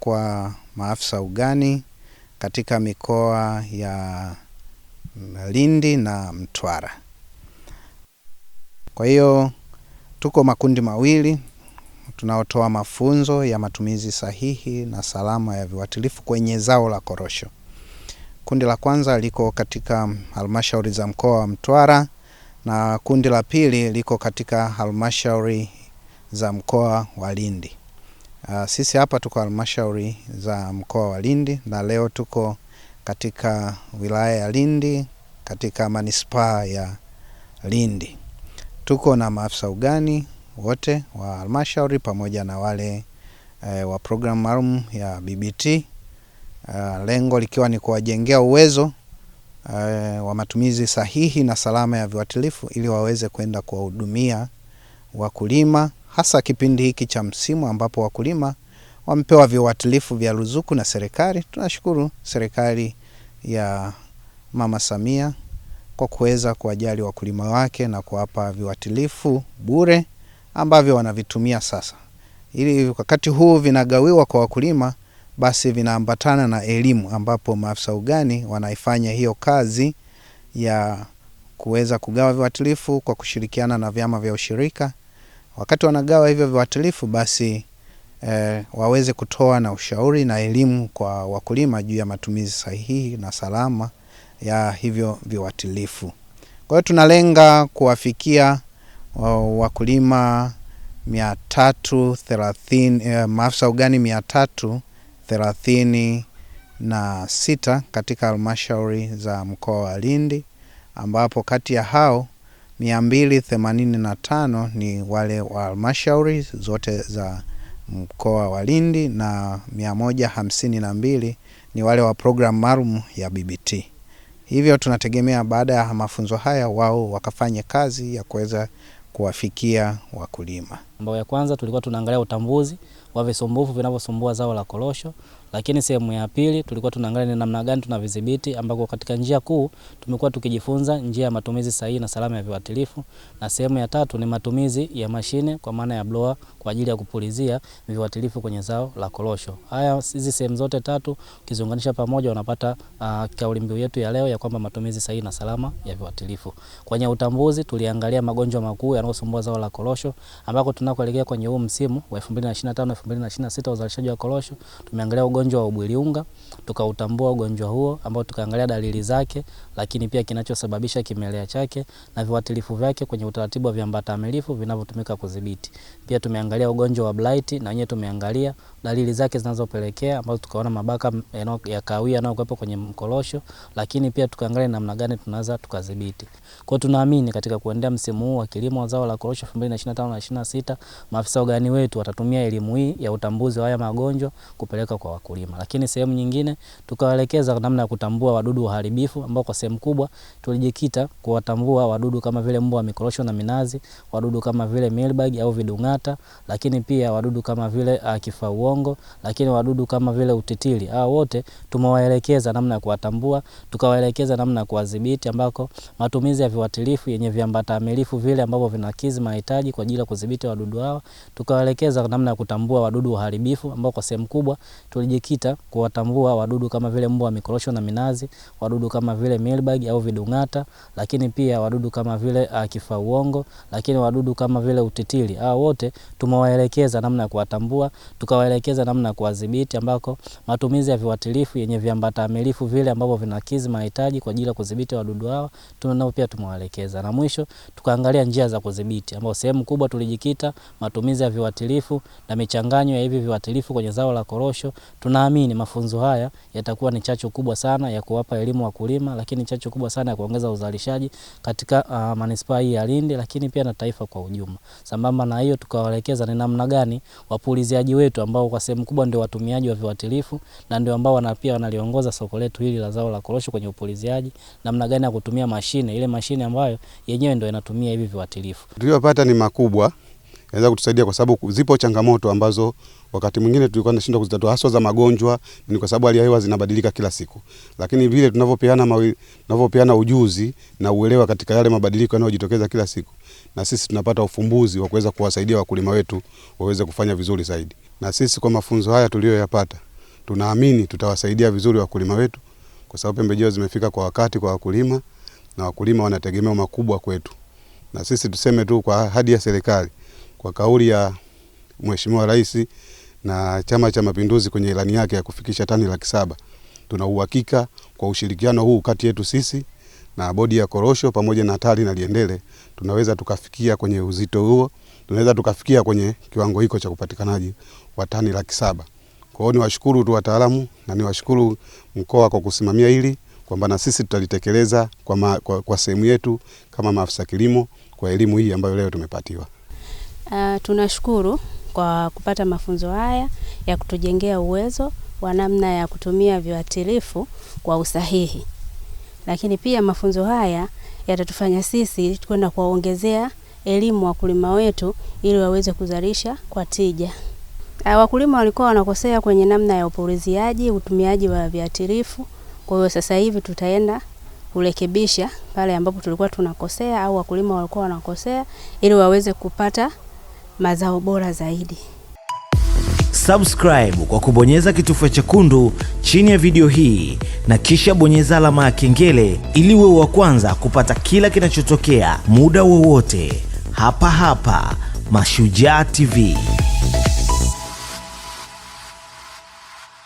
kwa maafisa ugani katika mikoa ya Lindi na Mtwara. Kwa hiyo tuko makundi mawili tunaotoa mafunzo ya matumizi sahihi na salama ya viuatilifu kwenye zao la korosho. Kundi la kwanza liko katika halmashauri za mkoa wa Mtwara na kundi la pili liko katika halmashauri za mkoa wa Lindi. Uh, sisi hapa tuko halmashauri za mkoa wa Lindi na leo tuko katika wilaya ya Lindi katika manispaa ya Lindi. Tuko na maafisa ugani wote wa halmashauri pamoja na wale e, wa programu maalum ya BBT Uh, ah, lengo likiwa ni kuwajengea uwezo uh, wa matumizi sahihi na salama ya viuatilifu ili waweze kwenda kuwahudumia wakulima hasa kipindi hiki cha msimu ambapo wakulima wamepewa viuatilifu vya ruzuku na serikali. Tunashukuru serikali ya Mama Samia kwa kuweza kuwajali wakulima wake na kuwapa viuatilifu bure ambavyo wanavitumia sasa, ili wakati huu vinagawiwa kwa wakulima, basi vinaambatana na elimu, ambapo maafisa ugani wanaifanya hiyo kazi ya kuweza kugawa viuatilifu kwa kushirikiana na vyama vya ushirika Wakati wanagawa hivyo viwatilifu basi e, waweze kutoa na ushauri na elimu kwa wakulima juu ya matumizi sahihi na salama ya hivyo viwatilifu Kwa hiyo tunalenga kuwafikia wakulima mia tatu thelathini, e, maafisa ugani mia tatu thelathini na sita katika halmashauri za mkoa wa Lindi ambapo kati ya hao 285 ni wale wa halmashauri zote za mkoa wa Lindi na 152 ni wale wa programu maalum ya BBT. Hivyo tunategemea baada ya mafunzo haya wao wakafanye kazi ya kuweza kuwafikia wakulima. Mambo ya kwanza tulikuwa tunaangalia utambuzi wa visumbufu vinavyosumbua zao la korosho, lakini sehemu ya pili tulikuwa tunaangalia ni namna gani tunavidhibiti, ambako katika njia kuu tumekuwa tukijifunza njia ya matumizi sahihi na salama ya viuatilifu, na sehemu ya tatu ni matumizi ya mashine kwa maana ya blower kwa ajili ya kupulizia viuatilifu kwenye zao la korosho. Haya, hizi sehemu zote tatu ukiziunganisha pamoja unapata uh, kauli mbiu yetu ya leo ya kwamba matumizi sahihi na salama ya viuatilifu. Kwenye utambuzi tuliangalia magonjwa makuu yanayosumbua zao la korosho, ambako tunakoelekea kwenye huu msimu wa 2025 2026 uzalishaji wa korosho tumeangalia ugonjwa wa ubwiliunga, tukautambua ugonjwa huo ambao tukaangalia dalili zake, lakini pia kinachosababisha, kimelea chake na viwatilifu vyake kwenye utaratibu wa viambata amilifu vinavyotumika kudhibiti. Pia tumeangalia ugonjwa wa blight na wenyewe tumeangalia dalili zake zinazopelekea, ambazo tukaona mabaka eh, ya kahawia yanayokuwepo kwenye mkorosho, lakini pia tukaangalia namna gani tunaweza tukadhibiti. Kwa hiyo tunaamini katika kuendea msimu huu wa kilimo zao la korosho 2025 na 26, maafisa ugani wetu watatumia elimu hii ya utambuzi wa haya magonjwa kupeleka kwa wakulima kulima. Lakini sehemu nyingine tukawaelekeza namna ya kutambua wadudu waharibifu ambao kwa sehemu kubwa tulijikita kuwatambua wadudu kama vile mbu wa mikorosho na minazi, wadudu kama vile milbag au vidung'ata, lakini pia wadudu kama vile ah, kifaa uongo, lakini wadudu kama vile utitili. Hao wote tumewaelekeza namna ya kuwatambua, tukawaelekeza namna ya kuwadhibiti ambako matumizi ya viuatilifu yenye viambata amilifu vile ambavyo vinakidhi mahitaji kwa ajili ya kudhibiti wadudu hawa, tukawaelekeza namna ya kutambua wadudu waharibifu ambao kwa sehemu kubwa tulijikita kujikita kuwatambua wadudu kama vile mbu wa mikorosho na minazi, wadudu kama vile milbag au vidung'ata, lakini pia wadudu kama vile uh, kifauongo, lakini wadudu kama vile utitili. Hao wote tumewaelekeza namna ya kuwatambua, tukawaelekeza namna ya kuwadhibiti, ambako matumizi ya viuatilifu yenye viambata amilifu vile ambavyo vinakidhi mahitaji kwa ajili ya kudhibiti wadudu hao, tunao pia tumewaelekeza. Na mwisho tukaangalia njia za kudhibiti, ambao sehemu kubwa tulijikita matumizi ya viuatilifu na michanganyo ya hivi viuatilifu kwenye zao la korosho. Tunaamini mafunzo haya yatakuwa ni chachu kubwa sana ya kuwapa elimu wakulima, lakini chachu kubwa sana ya kuongeza uzalishaji katika uh, manispaa hii ya Lindi, lakini pia na taifa kwa ujumla. Sambamba na hiyo, tukawaelekeza ni namna gani wapuliziaji wetu ambao kwa sehemu kubwa ndio watumiaji wa viuatilifu na ndio ambao wana pia wanaliongoza soko letu hili la zao la korosho kwenye upuliziaji, namna gani ya kutumia mashine ile mashine ambayo yenyewe ndio inatumia hivi viuatilifu. Tuliyopata ni makubwa inaweza kutusaidia kwa sababu zipo changamoto ambazo wakati mwingine tulikuwa tunashindwa kuzitatua haswa za magonjwa, ni kwa sababu hali ya hewa zinabadilika kila siku, lakini vile tunavyopeana tunavyopeana ujuzi na uelewa katika yale mabadiliko yanayojitokeza kila siku, na sisi tunapata ufumbuzi wa kuweza kuwasaidia wakulima wetu waweze kufanya vizuri zaidi. Na sisi kwa mafunzo haya tuliyoyapata, tunaamini tutawasaidia vizuri wakulima wetu, kwa sababu pembejeo zimefika kwa wakati kwa wakulima, na wakulima wanategemea makubwa kwetu, na sisi tuseme tu kwa ahadi ya serikali kwa kauli ya Mheshimiwa Rais na Chama cha Mapinduzi kwenye ilani yake ya kufikisha tani laki saba. Tuna uhakika kwa ushirikiano huu kati yetu sisi na bodi ya korosho pamoja na TARI na Liendele tunaweza tukafikia kwenye uzito huo, tunaweza tukafikia kwenye kiwango hiko cha upatikanaji wa tani laki saba. Kwa hiyo niwashukuru tu wataalamu na niwashukuru mkoa kwa kusimamia hili kwamba na sisi tutalitekeleza kwa, kwa, kwa sehemu yetu kama maafisa kilimo kwa elimu hii ambayo leo tumepatiwa. Uh, tunashukuru kwa kupata mafunzo haya ya kutujengea uwezo wa namna ya kutumia viuatilifu kwa usahihi, lakini pia mafunzo haya yatatufanya sisi kwenda kuwaongezea elimu wakulima wetu ili waweze kuzalisha kwa tija. Eh, wakulima walikuwa wanakosea kwenye namna ya upuliziaji, utumiaji wa viuatilifu. Kwa hiyo sasa hivi tutaenda kurekebisha pale ambapo tulikuwa tunakosea au wakulima walikuwa wanakosea ili waweze kupata mazao bora zaidi. Subscribe kwa kubonyeza kitufe chekundu chini ya video hii na kisha bonyeza alama ya kengele ili uwe wa kwanza kupata kila kinachotokea muda wowote hapa hapa Mashujaa TV.